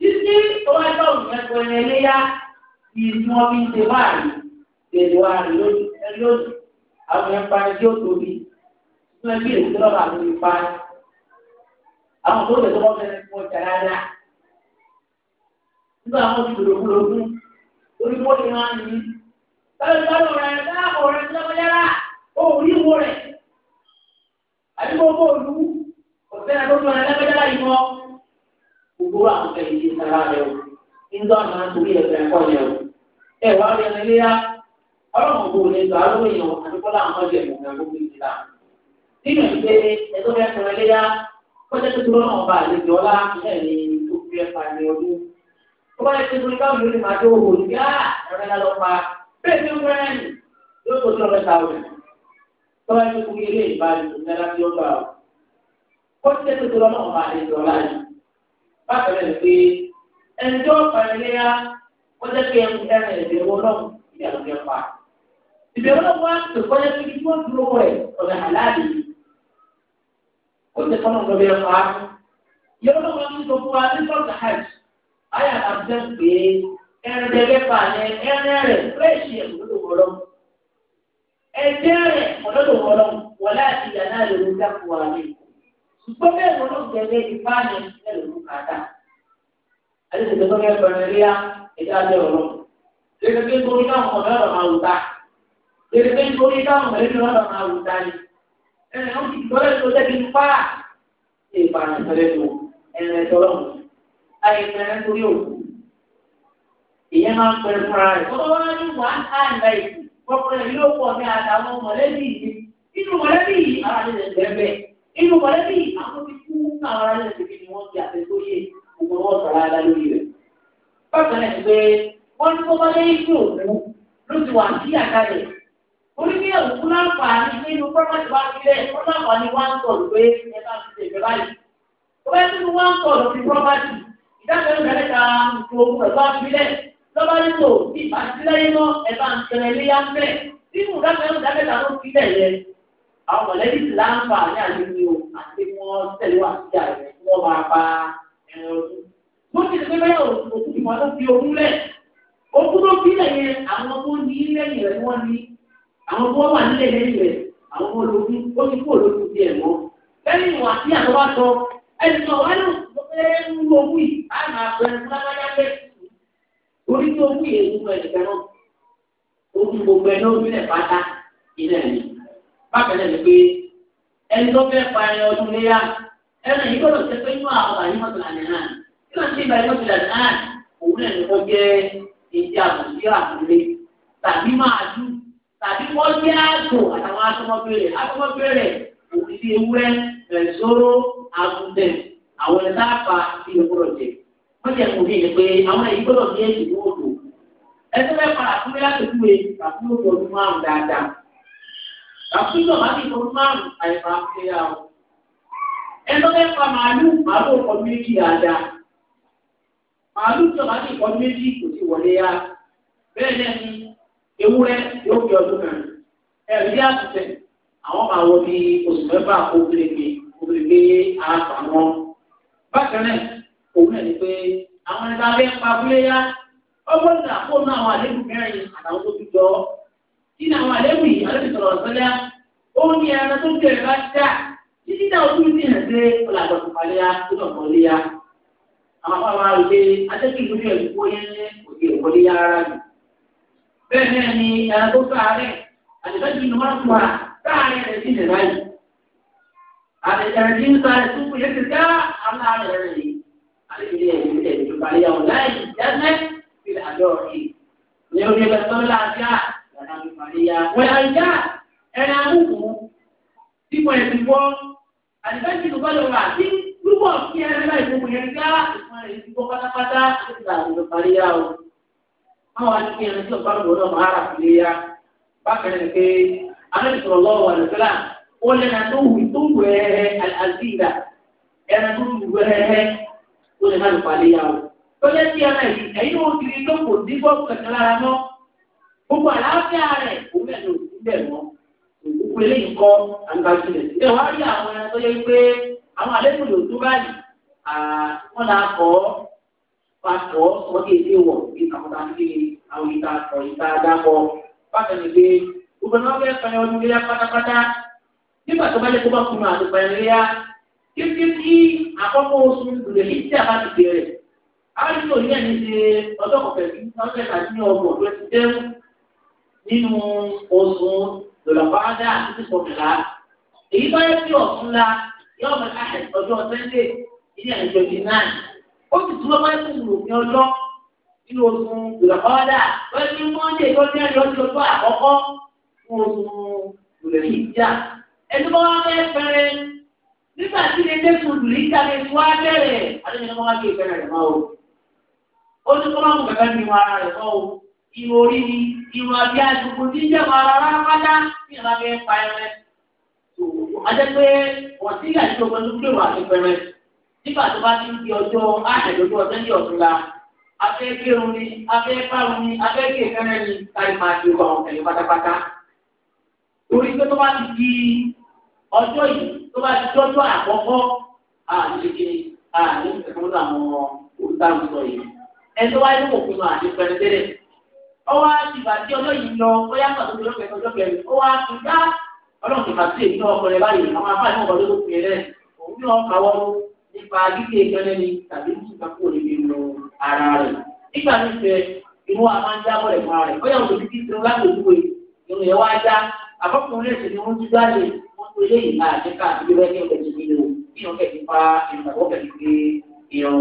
títí ọwọ́ ẹgbẹ́ òmìnira ẹni ẹlẹ́yà ìmọ̀ ìṣe báyìí gbèdé wa rè lónìí ẹni lónìí àwọn ẹ̀fà ni yóò tóbi fún ẹbí èsì lọ́ba àti ìfà àwọn tó lè tọ́wọ́ fẹ́rẹ́ fún ọjà rárá nígbà wọn ti gbèrò gbòògùn orí mọ́tò náà ní báyọ̀ sọ́dọ̀ rẹ̀ dáàbò rẹ̀ lọ́kọ́jára ó rí ìwọ rẹ̀ àdúgbò bóòlù kò sẹ́ni tó tún ẹ̀ lọ́kọ́jára gbogbo àǹkà yìí sara rẹ o nígbà máa torí ẹ̀fẹ̀ ẹ̀kọ́ rẹ o ẹ wá rí ẹni léyà ọlọ́run kò lè gbà lórí èèyàn àdúgbòlá àwọn ọjọ́ ìmọ̀ ìgbà gbogbo ìdílà nínú ìgbé ẹ̀tọ́ fẹ́ fún ẹ léyà kọjá tó tó lọ́nà ọba àlejò ọlá ẹ̀mí tó fi ẹ̀fà ní ah, ọdún tó bá yẹ kí torí káwọn yóò lè máa dé owó ní á ẹ̀rọ ẹ̀la lọ pa bẹ́ẹ̀ ni wọ́n rẹ̀ yóò tó tó ọ̀rẹ́ ta ọ̀rẹ́ tó bá yẹ kí kúkú ilé ìbáraẹ̀tò ní bákan náà pé ẹnjọ́ ìpàdéléyà wọ́n jẹ́ kí ẹnu ẹ̀rẹ̀ ìbẹ̀wò lọ́wọ́ ìyàwó yẹn pa. ìbẹ̀wò lọ́wọ́ á tó kọ́jà pé kí wọ́n dúró rẹ̀ ọ̀nà àláàdì. ó ti fọ́nà lọ́wọ́ yẹn pa. ìyàwó lọ́wọ́ á tó fún wa ní sọ́ọ̀tà hajj. ayà àbújá pé ẹ̀rẹ̀ dẹ̀gẹ́ pa ní ẹ̀rẹ̀ rẹ̀ fúrẹ́ṣì ẹ̀kọ́ lọ́wọ́ ṣùgbọ́n bẹ́ẹ̀ ló ló tẹ̀lé ipá ni ẹ lò ló kà á dà. àdéhùn tó fẹ́ bẹ̀rẹ̀ léyà ẹ̀dá bẹ̀ ọ̀rọ̀. lèrè pé nítorí káwọn ọ̀dọ́ ọ̀rọ̀ máa wù ta. lèrè pé nítorí káwọn mẹ̀lẹ́bí ọ̀rọ̀ máa wù ta ni. ẹ̀rẹ̀ ó ti gbọ́dọ̀ tó tẹ́bi pa. ṣé ìpààyàn tẹ̀lé tó ẹ̀rẹ̀ tọ́lọ́ àìsàn torí òkú ìyẹn máa ń pẹ fúnra rẹ̀ kọ́ wá ní wàá hàn báyìí wọ́n pẹ̀lú ìlú ọ̀pọ̀ mi àtàwọn mọ̀lẹ́bí yìí nínú mọ̀lẹ́bí yìí ara rẹ̀ lẹ́gbẹ̀ẹ́ inú mọ̀lẹ́bí àwọn ti kú àwọn ará lẹ́sìn kí ni wọ́n ti àtẹ̀sóyè gbogbo wọn sọ̀rọ̀ ara lórí rẹ̀. bákan náà ti pé wọ́n ní kó bá lé ikú òkú ló ti wà sí àkàlẹ̀. orí bí òkú láǹfààní nínú pọ́nmọ́tì wá sílẹ̀ wọ́n láǹfààní wá ń sọ̀rọ̀ pé ẹ bá ti tẹ̀lé báyìí. ó bá tún wá ń sọ̀rọ̀ sí pọ́nmọ́tì ìdájọ́ ìgbàlẹ́ta ìṣòwò pẹ̀lú àbílẹ̀ lọ́ba nílò ìbásílẹ̀ yẹn náà ẹ bá ń tẹ̀lé àwọn mọ̀lẹ́bí ti láǹfà ní àlejò àti wọ́n tẹ̀lé wà sí àrẹ kí wọ́n máa bá ẹran ọdún. bó ti ṣe bẹ́ẹ̀ òkú ìmọ̀ tó fi ogún lẹ̀ ogún tó fi lẹ̀ yẹn àwọn tó ní lẹ́yìn rẹ̀ wọ́n ní àwọn tó wà nílẹ̀ lẹ́yìn rẹ̀ àwọn ológun ó ti kó ológun ti ẹ̀ mọ́ lẹ́yìn ìwà sí àtọ́wá sọ ẹni tó wá lò pé ń lo ogún yìí á máa bẹ̀rẹ̀ lágbájá bákẹ́lẹ́ ni pé ẹni tó fẹ́ pa ẹran ọdún léyà ẹran yìí gbọ́dọ̀ ṣe pé inú àwọn àyè mọ́tò àná náà kí wọ́n ti bàyẹ̀ mọ́tò àná náà òun náà ni wọ́n jẹ́ èdè àbùsí àbúlé tàbí màálù tàbí wọ́n jẹ́ àgbò àtàwọn atọmọbìnrin atọmọbìnrin òun ti ewúrẹ́ ẹ̀sọ́rọ́ àgùntẹ̀ àwọn ẹ̀ sáfà ti gbọ́dọ̀ jẹ wọ́n jẹ́ kò ní ẹ̀ pé àwọn ẹ̀yìn gbọ́dọ̀ ní èdè wọ́ọ̀dù ẹ̀sọ́ fẹ́ padà fún àtúntò bá ti fún márùn àìfà àfihà o. ẹnu mẹ́fà màálù màálù ọkọ̀ méjì dáadáa. màálù tó bá ti kọ́ méjì kò ti wọlé ya. bẹ́ẹ̀ náà ni ewúrẹ́ yóò fi ọdún kan. ẹ̀rí àtúntẹ̀ àwọn máa wọ bí oṣù mẹ́fà obìnrin obìnrin àgbà wọn. bákan náà òun náà ni pé àwọn ẹ̀dá abẹ́ pa abúlé yá. ọgbọ́n ìdàpọ̀ náà àwọn àlejò mẹ́rin àtàwọn tó ti jọ nínú àwọn àlẹ́wì alẹ́bìsọ̀rọ̀ ọ̀sọ́lá ó ní ẹran tó bẹ̀rẹ̀ bá dà títí náà ó tún ti hàn sí ọ̀làdọ̀tún paléyà tó nà kọ́léyà. àwọn afọ àwọn àròlé atẹ́kùn ìlú yẹn kó yẹn òkè kọ́léyà rárá ni. bẹ́ẹ̀ náà ni ẹran tó sáré àtẹ̀fẹ́jú ni wọ́n fún wa sáàrin rẹ̀ sí ìrẹ̀lá yìí. àtẹ̀jẹ̀rẹ̀ ti ń sáré tó kù yẹn ti dá àwọn àrẹ̀ rẹ̀ yìí. alẹ́ ìdílé ẹ̀ العقلية والأرجاء أنا أموت سيما يسيبون àdìbẹ́sì ló bá lọ rà sí púpọ̀ kí ẹni bá ìfowó yẹn gá ìfún rẹ̀ ti gbọ́ pátápátá tó ti dàgbà ló parí yá o. Àwọn àti kí ẹni tí ọba lọ lọ máa rà sílé yá. Bákan ní pé alẹ́ ìṣòro lọ́wọ́ wà lọ́sẹ̀lá. Ó lẹ́nu tó wù tó wù ẹ́ẹ́ àzíìdà. Ẹnu tó wù ẹ́ẹ́ tó lè má lọ parí yá o. Tọ́jà tí ẹni ẹ̀yìn ó ti rí lóko dígbọ́ kẹ̀kẹ́ lára mọ́ gbogbo àlàáfíà rẹ̀ òun bẹ̀ ló ń bẹ̀ mọ́ òkú eléyìí kọ́ àgbàjìlẹ̀ ẹ wá rí àwọn ẹni tó yẹ pé àwọn àlékún ló tó báyìí wọn là kọ́ papọ̀ wọn kì í ṣe wọ̀ bí àwọn àdúgbò àwọn ìta ọ̀ ìta dábọ̀ bákan ní pé gbogbo náà fẹ́ fẹ́ ọdún léyà pátápátá nígbà tó bá yẹ kó bá kunu àdúgbò ẹ̀ léyà kékeré tí àkọ́kọ́ oṣù lòlẹ̀ yìí tí a ti bẹ̀rẹ̀ àwọn ìṣòro yẹn ní ṣe ọjọ́ kọ̀ọ̀kẹ́ bí wọ́n fẹ́ nínú oṣù lọ́lọ́kọ́dá àti sísọ fìlà. Èyí bá yẹ kí ọ̀tún la yóò mọ káàkiri ọjọ́ Sẹ́ńdé ní àjọyọ̀ náà. Ó sì tún wọ́n máa ń sùn ní ọjọ́ nínú oṣù lọ́lọ́kọ́dá. Wọ́n ní Mọ́ndé tó ní àjọ ti ọjọ́ àkọ́kọ́ fún oṣù lọ́lọ́kọ́dá. Ẹni bá wá fẹ́ fẹ́rẹ́ nígbà tí ilé lẹ́sùn lùlíjà lè fi wá bẹ̀rẹ̀. Adé irun orí ni irun àbí àgbègbè tí ń jẹ́ wọn rárá pátá ní ìlànà bí ń pa ẹrẹ. Adẹ́pẹ́ wọ́n ti yà sí ọgbọ́n tó gbèrò àti pẹrẹ. Nígbà tó bá ti ń di ọjọ́ àìdẹ̀dọ́jú ọjọ́ ní ọ̀túnla, afẹ́ gẹrun ni, afẹ́ parun ni, afẹ́ kékeré ni, káyọ̀ máa di ọgbà àwọn ẹ̀yọ́ pátápátá. Torí pé tó bá ti di ọjọ́ yìí, tó bá ti dọ́jọ́ àkọ́kọ́, àdìsíkiri, àdìsíkiri àwọn olùdámọ̀sọ yìí. Ẹ ọwọ́ àtìgbà tí ọjọ́ yìí lọ ó yá pàtó ọjọ́ kẹrin ọjọ́ kẹrin ó wá fi dá ọlọ́run ti pàṣẹ ìlú ọkọ rẹ báyìí àwọn afáàní ọkọ ló fi rẹ òun ní ọkọ àwọn nípa gígé ìkẹlẹ ni tàbí nípa kó lè fi lo ara rẹ nígbà tó fẹ inú wa máa ń jábọ̀ rẹ̀ fún ara rẹ̀ bóyá òṣèlú ti sinú láti òjúwe ìrìn ẹ̀ wá já àkọ́kùnrin rẹ̀ sì ni wọ́n ti jáde wọ́n tó lé ìlà àjẹká àti bẹ́ẹ̀ ní ọ̀kẹ́ ti fi lò kí ọ̀kẹ́ ti fa ìrìnàwọ́ kẹ́ ti fi ìrìn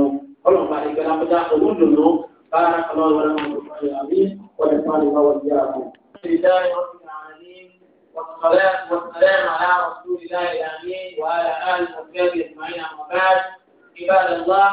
ọlọ́run bá ti gbẹ lápẹ́já òun dùn lọ bá ara kan lọ́wọ́ lọ́wọ́ امين لله رب العالمين والصلاه والسلام على رسول الله الامين وعلى اله وصحبه اجمعين اما عباد الله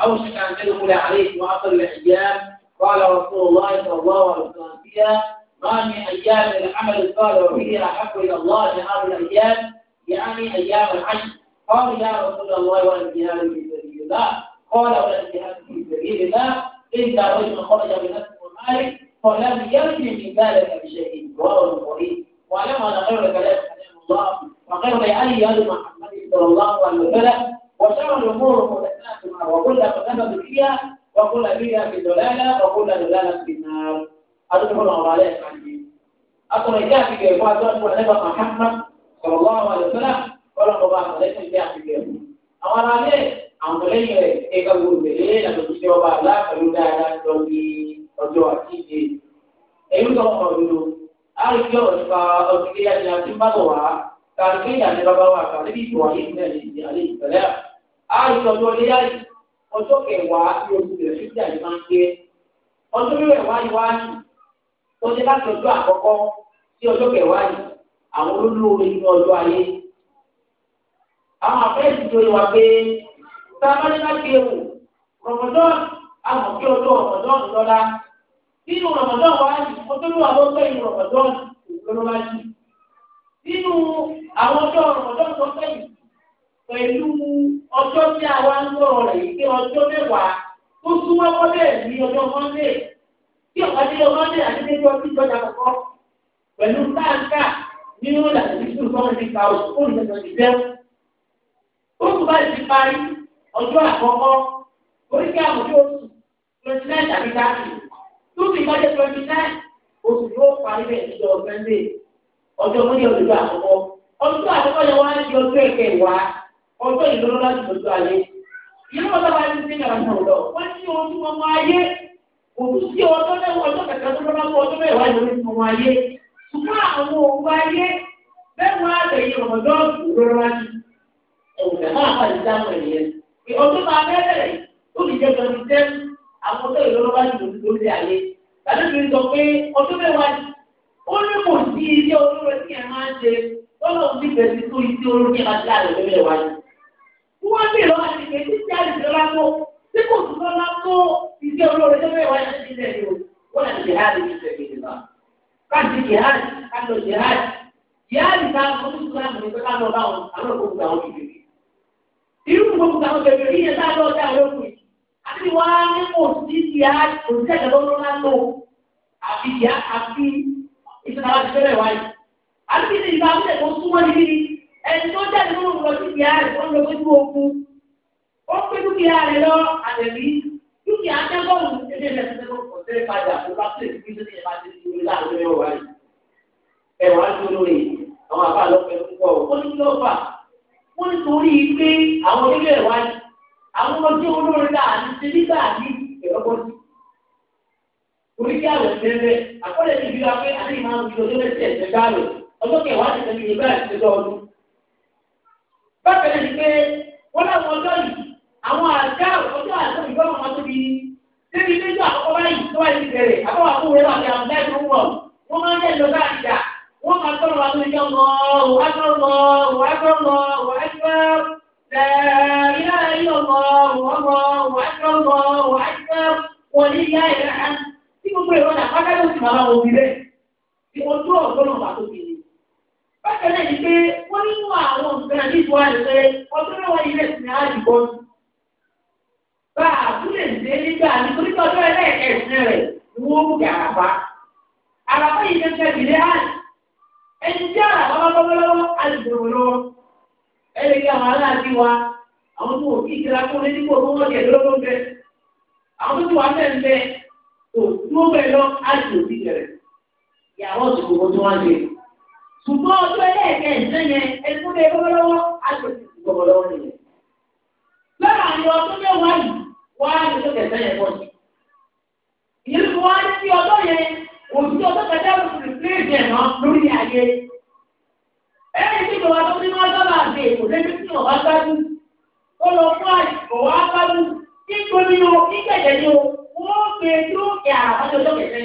اوشك ان تدخل عليك واخر الايام قال رسول الله صلى الله عليه وسلم فيها ما من ايام العمل الصالح فيها احب الى الله من هذه الايام يعني ايام الحج قال يا رسول الله والجهاد في سبيل الله قال والجهاد في سبيل الله انت رجل خرج بنفسه أي فلم يلزم من ذلك بشيء رواه البخاري واعلم أن خير كلام كلام الله وخير هدي هدي محمد صلى الله عليه وسلم وشر الأمور محدثاتها وكل محدثة فيها وكل فيها في ضلالة وكل ضلالة في النار أدخل الله عليه أقول إجابة كيف أدخل نبي محمد صلى الله عليه وسلم ولا مبارك ليس إجابة كيف أمر عليه àwọn ọmọlẹ́yìn rẹ̀ ẹ̀ka gbogbo ìgbèlè lẹ́yìn àtúntò tí wọ́n bá a ọjọ́ àtijé èyí tó ọkọ̀ dúró àríkí ọ̀rọ̀ nípa ọdún kéyà ni a wá kàrí kéyà ni bàbá wa kàrí bí ìbò ayé ìpínlẹ̀ ní ìdí alẹ́ ìpínlẹ̀ àríkí ọjọ́ léyà yìí ọjọ́ kẹwàá ní oṣù rẹ̀ fífi àyè máa ń gbé ọjọ́ rẹ̀ wá ní wáyé tó ṣe láti ọjọ́ àkọ́kọ́ sí ọjọ́ kẹwàá yìí àwọn olólùwò nínú ọjọ́ ayé àwọn àfẹ́sì tó yẹ wá pé sábà ní láti ewu nínú rọmọdán wa yìí ọdún wa ló ń gbẹ̀yìn rọmọdán lọ́nà wa yìí nínú àwọn ọjọ́ rọmọdán tó gbẹ̀yìn pẹ̀lú ọjọ́ tí a wá ń sọ̀rọ̀ rẹ̀ yìí pé ọjọ́ mẹ́wàá tó súnmọ́ mọ́lẹ̀ ní ọjọ́ mọ́lẹ̀ tí ọ̀pọ̀lọpọ̀ ọjọ́ mọ́lẹ̀ àti ẹgbẹ́ ọtí ìjọba kọ̀kọ́ pẹ̀lú táǹkà ní ó là ní sùn fún ọdún ìka oṣù fún ìjọba ìjẹ́ oṣù bá ti parí ọjọ́ àkọ́kọ́ oríkì àmọ́jọ́ oṣù twenty nine tàbí thirty lóbi ìbájẹ́ twenty nine oṣù yóò parí bẹ̀ níjọ sunday ọjọ́ mọ́ni ọdún àkọ́kọ́ ọdún àkọ́kọ́ yẹn wá di ọjọ́ ẹ̀kẹ́ wá ọjọ́ ìlọ́lọ́ láti lọ́jọ́ ayé ìlú wọn sábà ti ń sìn kàrà náà lọ wọ́n ní ojú ọmọ ayé òtún sí ọjọ́ mẹ́wọ́ ọjọ́ kẹta tó lọ́lá fún ọjọ́ mẹ́wàá ìlú ojú ọmọ ayé ṣùgbọ́n àwọn òun ayé mẹ́wàá àtẹ̀yìn ọ̀dọ́ ìrora ni ẹ̀wùn náà máa ń bá ìdáhùn ẹ̀yẹ ọdún máa bẹ́ẹ̀ ó lè jẹ́ twenty seven àwọn tó ìlú lọ́ba jù lórí ayé tàbí sọ pé ọdún mẹ́wàá ó ní kò sí ilé olóró tí ẹ máa ń ṣe lọ́nà tí bẹ̀rẹ̀ tó ilé olóró tí ẹ àlẹ́ mẹ́wàá yìí. wọ́n lè lọ́wọ́ àti pé títí àlejò lọ́la tó tí kò tún lọ́la tó ilé olóró tó mẹ́wàá yẹn ti lẹ̀ yìí wọ́n lè jẹ́ àlè ní ìfẹ́ gidi káàdì jihad káàdì àti wá ní kò sí ti á kò sí ẹ̀jẹ̀ tó lọ́la lò àfi ìyá àfi ìṣẹ̀lẹ̀ àwọn ìṣẹ̀lẹ̀ wáyé. àti kí ni ìgbà wọlé tó súnmọ́ ní bíi ẹni tó jáde tó lọ sí ìyá rẹ̀ tó lọ lójú ogun ó pé dúkìá rẹ̀ lọ àtẹ̀lí dúkìá tẹ́gbọ̀n ẹgbẹ́ rẹ̀ tó kọ̀ sí ìpadà tó bá tó èkú ìṣẹ̀lẹ̀ yẹn bá ti di orí láàrin ẹ̀rọ wáyé. ẹ̀rọ wá tó lórí àwọn àbá lọ́pẹ̀ púpọ̀ wọ́n ní kí ló fà wọ́n ní torí pé àwọn onílẹ̀ wáyé àwọn ọjọ́ olórin náà ní ti nígbà ní ìrọ́bọ́sí. Oríṣi àwẹ̀ fẹ́fẹ́, àkọlẹ̀ ti fi wa pé àní ìmáa ń fi ọjọ́ mẹ́sì ẹ̀sẹ̀ dáàrò, ọjọ́ kẹwàá ti tẹ̀lé ìgbà ìṣe lọ́ọ̀dún. Bákan náà ni pé wọ́n láwọn ọjọ́ yìí, àwọn àjá ọjọ́ àjọ ìgbọ́ àwọn tó fi débi méjì àkọ́kọ́ báyìí tó wáyé ti bẹ̀rẹ̀, àbáwá fún wọn àti àwọn láì tó wọ̀, wọ́n máa ń yẹ lọ láàjà, wọ́n máa tọ́lọ̀ wa tó ń jẹ́ ọmọ Ee, إله إلا الله والله أكبر الله أكبر ولله rẹ̀ ni wọ́n mú kí yìí ẹni kí àwọn aláàbí wa àwọn tó wò kí ìtura kó lé dípò tó wọ́n jẹ lọ́wọ́ ń bẹ àwọn tó wà bẹ́ẹ̀ ń bẹ tó tó bẹ́ẹ̀ lọ àti òbí bẹ̀rẹ̀ ìyàwó ìṣòro tó wá lé ṣùgbọ́n ọjọ́ ẹlẹ́ẹ̀kẹ́ ìṣẹ́ yẹn ẹni tó bẹ́ẹ̀ lọ́wọ́ lọ́wọ́ àti òbí gbọ̀gbọ̀ lọ́wọ́ nìyẹn lọ́wọ́ àwọn ọdún mẹ́wàá yìí wá ní tó kẹsẹ́ yẹn pọ̀ sí ìyẹn ló wá ní sí yẹn òbí ọjọ́ kẹsẹ́ ló ti rí ìlú wa tó ní wọ́n sábà gbé èkó débi tí wọ́n bá gbádùn. ó lọ fún àìsàn wá gbádùn kíkó ni o kíkẹ̀jẹ̀ ni o wọ́n gbé lókè àràbájọ ọjọ́ kẹfẹ́.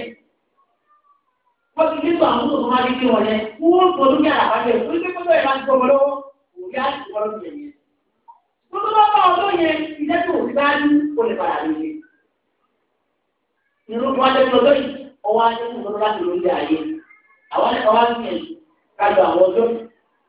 wọ́n ti nílò àwọn tó máa rí bí wọn yẹn wọ́n gbọ́ lókè àràbájọ ìlú pé kótó ẹ̀ máa gbọmọ lọ́wọ́ òbí á ti wọ́n lókè yẹn. gbogbo bá bá ọjọ́ yẹn ilé tó ti bá ní o lè padà lè yẹ. ìrúkọ adébí ọjọ́ yìí ọwọ́ adébí ọjọ́ láti lórí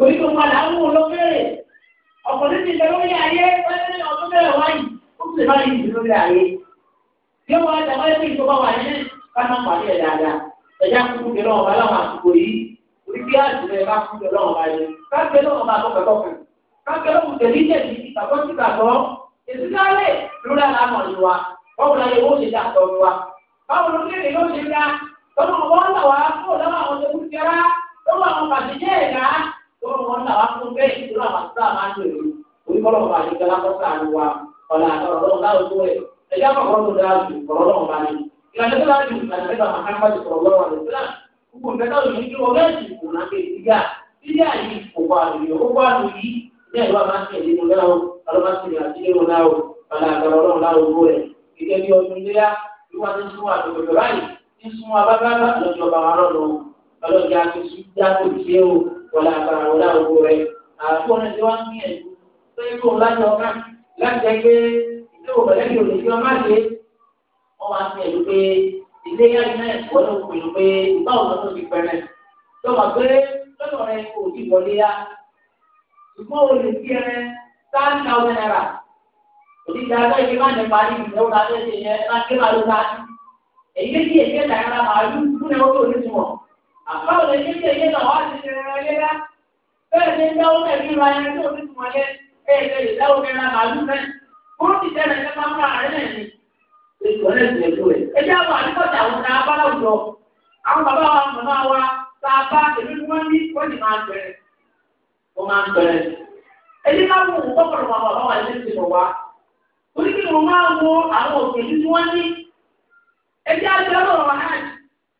torí tó padà ń wò lọ bẹ̀rẹ̀ ọ̀pọ̀lọpọ̀ ti bẹ̀rẹ̀ lórí ayé wẹ́ẹ́rẹ́ ọdún bẹ̀rẹ̀ wáyé ó sì bá yìí lórí ayé bí wọ́n á dàgbà ẹgbẹ́ ìjọba wà ní kánà pàdé ẹ̀ dáadáa ẹ̀yà kúkú kí lọ́wọ́ bá láwọn àsìkò yìí orí bí àjùlọ ẹ̀ bá kú kí lọ́wọ́ bá yẹ káàkiri lọ́wọ́ bá lọ́kọ̀ lọ́kọ̀ káàkiri lọ́wọ́ tẹ̀lé tẹ̀lé ìgbàgbọ́ sí gbàgbọ́ èsì sáré lórí àlámọ̀ ni wa báwo la yẹ wọ́n ṣe dá sọ wa báwo ló kéde yóò ṣe dá lọ́wọ́ wọn là wá fún ọ̀dọ́ àwọn tó kú lọ́wọ́ wọn là wá fún bẹ́ẹ̀ ìṣúná àwọn àti sáà máa ń lò yìí oníkọ́lọ́ ọba àti ìjọba tó sáà ló wa ọ̀là àtọ̀rọ̀lọ́wọ́ láwọn tó rẹ̀ ẹ̀yà kọ̀ọ̀kan tó dáa jù ọ̀rọ̀lọ́wọ́ bá ní. ìrìnàjò tó dáa jù ìgbàlódé àwọn akápájù ọ̀rọ̀lọ́wọ́ àti ìṣúná gbogbo nǹkan tó lò ní kí wọ́n bẹ́ẹ̀ sì kù náà pé ìdígà ìdígà yìí kò wà lóyún ó wà sún àtòkòtò báyìí ti sún abábábá lọ́jọ́ bàbá lọ́nà ọlọ́jà ti sún jáde òṣèré o wọlé àtàrà wọlé àwòrán rẹ àtúwọ̀n náà ti wá ń gbìyànjú pé kó láti ọ̀ká láti jẹ́ pé ilé òwò pẹ̀lẹ́ yóò lè fi ọmọ àti wọ́n máa ń gbìyànjú pé ilé yáyí náà wọ́n ló pinnu pé ìgbà òun ló ti pẹ́rẹ́ lọ́mọ pé lọ́dọ̀ rẹ kò tí wọlé yá ṣùgbọ́n o lè fi ẹrẹ ten thousand naira òdìjà abẹ́ ìgbé máa ń nípa ní ìgbẹ́ òun abẹ́ ìṣẹ̀yẹ máa ń gbé máa ló ta èyí lé àbáwò lè ní ìyẹyẹ náà wá ti ṣe rẹ lẹ́yà bẹ́ẹ̀ ni dáwó kẹ̀mí ra ẹni tó ti mọ̀ yẹ ẹ̀ẹ́dẹ̀ lè dáwó kẹ̀mí ra màálù mẹ́ wọ́n ti tẹ̀lé ẹ̀ máa múra rẹ̀ náà ni ìgbọ̀nẹ̀ ti lè tó ẹ̀. ẹ jẹ́ àwọn àdúgbòtà àwọn ọ̀nà abala òjò àwọn bàbá wa màmá wa tá a bá èmi ni wọ́n ní wọ́n ti máa bẹ̀rẹ̀ wọ́n máa bẹ̀rẹ̀. ẹni máa mú òun kọ́kọ́rọ́ wọn bàbá wa ilé ti lọ wa oníkìlì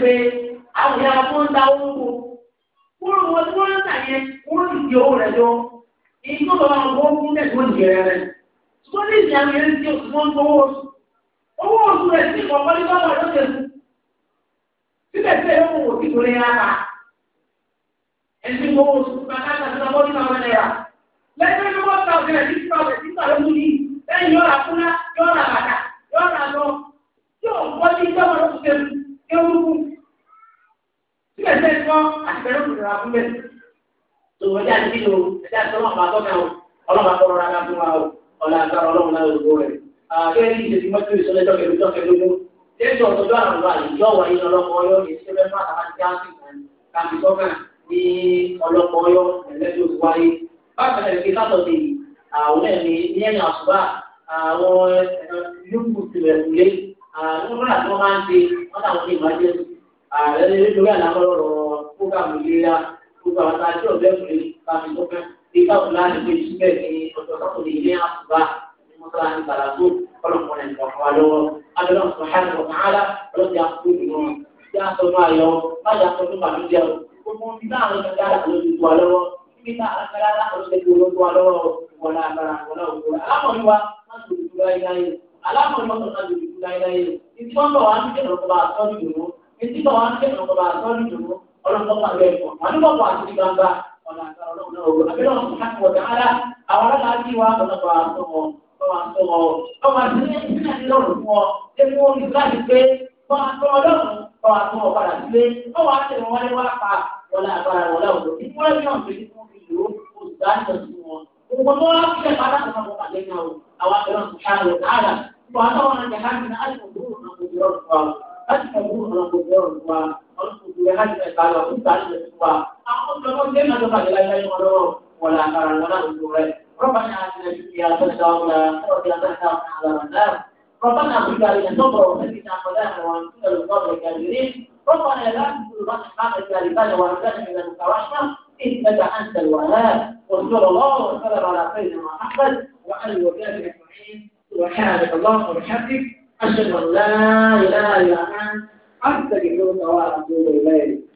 pé àwọn ìyá tó ń da owó kó kúrò wọn tí wọ́n ń tà yẹn wọ́n ti di owó rẹ̀ jọ èyí tó lọ́wọ́ àwọn owó fún tẹ̀sí wọ́n ti yẹrẹ rẹ̀ ṣùgbọ́n ní ìsìn àwọn yẹn ti oṣù wọn tó owó oṣù owó oṣù rẹ̀ sì kọ̀ pọ́lí bọ́ọ̀lù ọ̀dọ́ tẹ̀sí síbẹ̀síbẹ̀ yóò wò sí torí ara ẹni tí owó oṣù fún akáta tó lọ́wọ́ nípa wọn náírà lẹ́yìn tó wọ́n ta ọ̀sẹ̀ rẹ̀ nípa ọ̀sẹ̀ nípa lójú ní kéwúrúkú síbẹ̀ sẹ́ni kọ́ àtìbẹ̀rẹ̀ òkùnrin rà fún bẹ́ẹ̀ tòun ẹja ti nílò ẹja ti ọlọ́mọba tó náà ọlọ́mọba tó rọra náà fún wa o ọ̀la àgbára ọlọ́mọ náà lòdùkú rẹ̀ àbẹ́rẹ́ yìí ti mọ́tò ìsọlẹ́jọ́ kẹlú jọ́ kẹlú mú tẹ́sí ọ̀tọ̀dọ́ àwọn ọ̀la ìjọ wà yín ọlọ́mọ ọyọ́ ìṣẹ́fẹ́ fún àtàwọn jáàsì kàmí sọ́kà ní ọlọ́mọ ọyọ́ ẹ̀lẹ́dì òkú wáyé bákan náà ìfi sátọ̀dé àwọn ẹ̀mí ní ẹ̀yìn àṣùbà àwọn yókù tìrẹ̀ àmúra ah, tó máa ń ṣe wọ́n táwọn ṣe ìwádìí ààrẹ lè lórí àlámọ́rọ̀ rọ̀ fúgàmù ìlera gbogbo àwọn àti ọ̀bẹ́ òkè káfí tó fẹ́ bí káwọn láti gbé iṣu bẹ́ẹ̀ ní ọjọ́ sọ́kùnrin ilé àtúbà ní mọ́tàlá ní bàlàtó kọ́lọ̀mọ́ ẹ̀ nǹkan fún wa lọ́wọ́ adọ́lọ́ sọ̀hánà ọ̀hánà ọlọ́sì àkókò ìwọ̀n tí a sọ máa yọ má yà sọ fún bàbí jẹun gbogbo ibi táwọn ọ̀gá dára ló ti tó wa lọ́wọ́ ti tó wa lọ́wọ́ wọlé aláàmọ̀ ìmọ̀ sọ̀tà lòdì fún láyéláyé ìtí wọ́n bọ̀ wá ń kẹ̀lọ́ kọ́ bá a sọ́ nìdòwó ìtí bọ̀ wá ń kẹ̀lọ́ kọ́ bá a sọ́ nìdòwó ọlọ́mọ kan bẹ́ẹ̀ kọ́ wọn ní bọ̀ bọ̀ àti gbangba ọ̀nà àgbà ọlọ́run náà wò àbí lọ́wọ́ sọ̀tà kọ̀ dáadáa àwọn aláàbí wa ọ̀nà bọ̀ àtọ̀ wọn ọmọ àtọ̀ wọn ọmọ àti ní ìpínlẹ̀ ní lọ́rùn fún ọ ẹni wọn ní láti pé wọn àtọ̀ ọlọ́run wọn àtọ̀ wọn padà sílé wọn wà á tẹ̀lé wọn lé wọn pa wọn làbára wọn láwùjọ ìfúnlẹ̀ náà pé wọn fi lò ó kó وموضوع كده بعدها ما بقى او او انا سبحانه وتعالى وطبعا جهنم الف مبروك انا مبروك الله الف مبروك انا مبروك الله ولكن قال وكنت على الاسواء اقول لكم لما تقال لا اله الا الله ولا ترى ولا انظر ربنا اتنا في الدنيا حسنه وفي الاخره حسنه وقنا عذاب ربنا اغفر لنا صبرا وسكتنا قدامنا وانصرنا للقوم الكافرين ربنا لا تزغ قلوبنا بعد إذ هديتنا وهب لنا من لدنك رحمه إنك أنت الوهاب وصلى الله وسلم على سيدنا محمد وعلى وكاله أجمعين سبحانك اللهم وبحمدك أشهد أن لا إله إلا أنت أستغفرك وأتوب إليك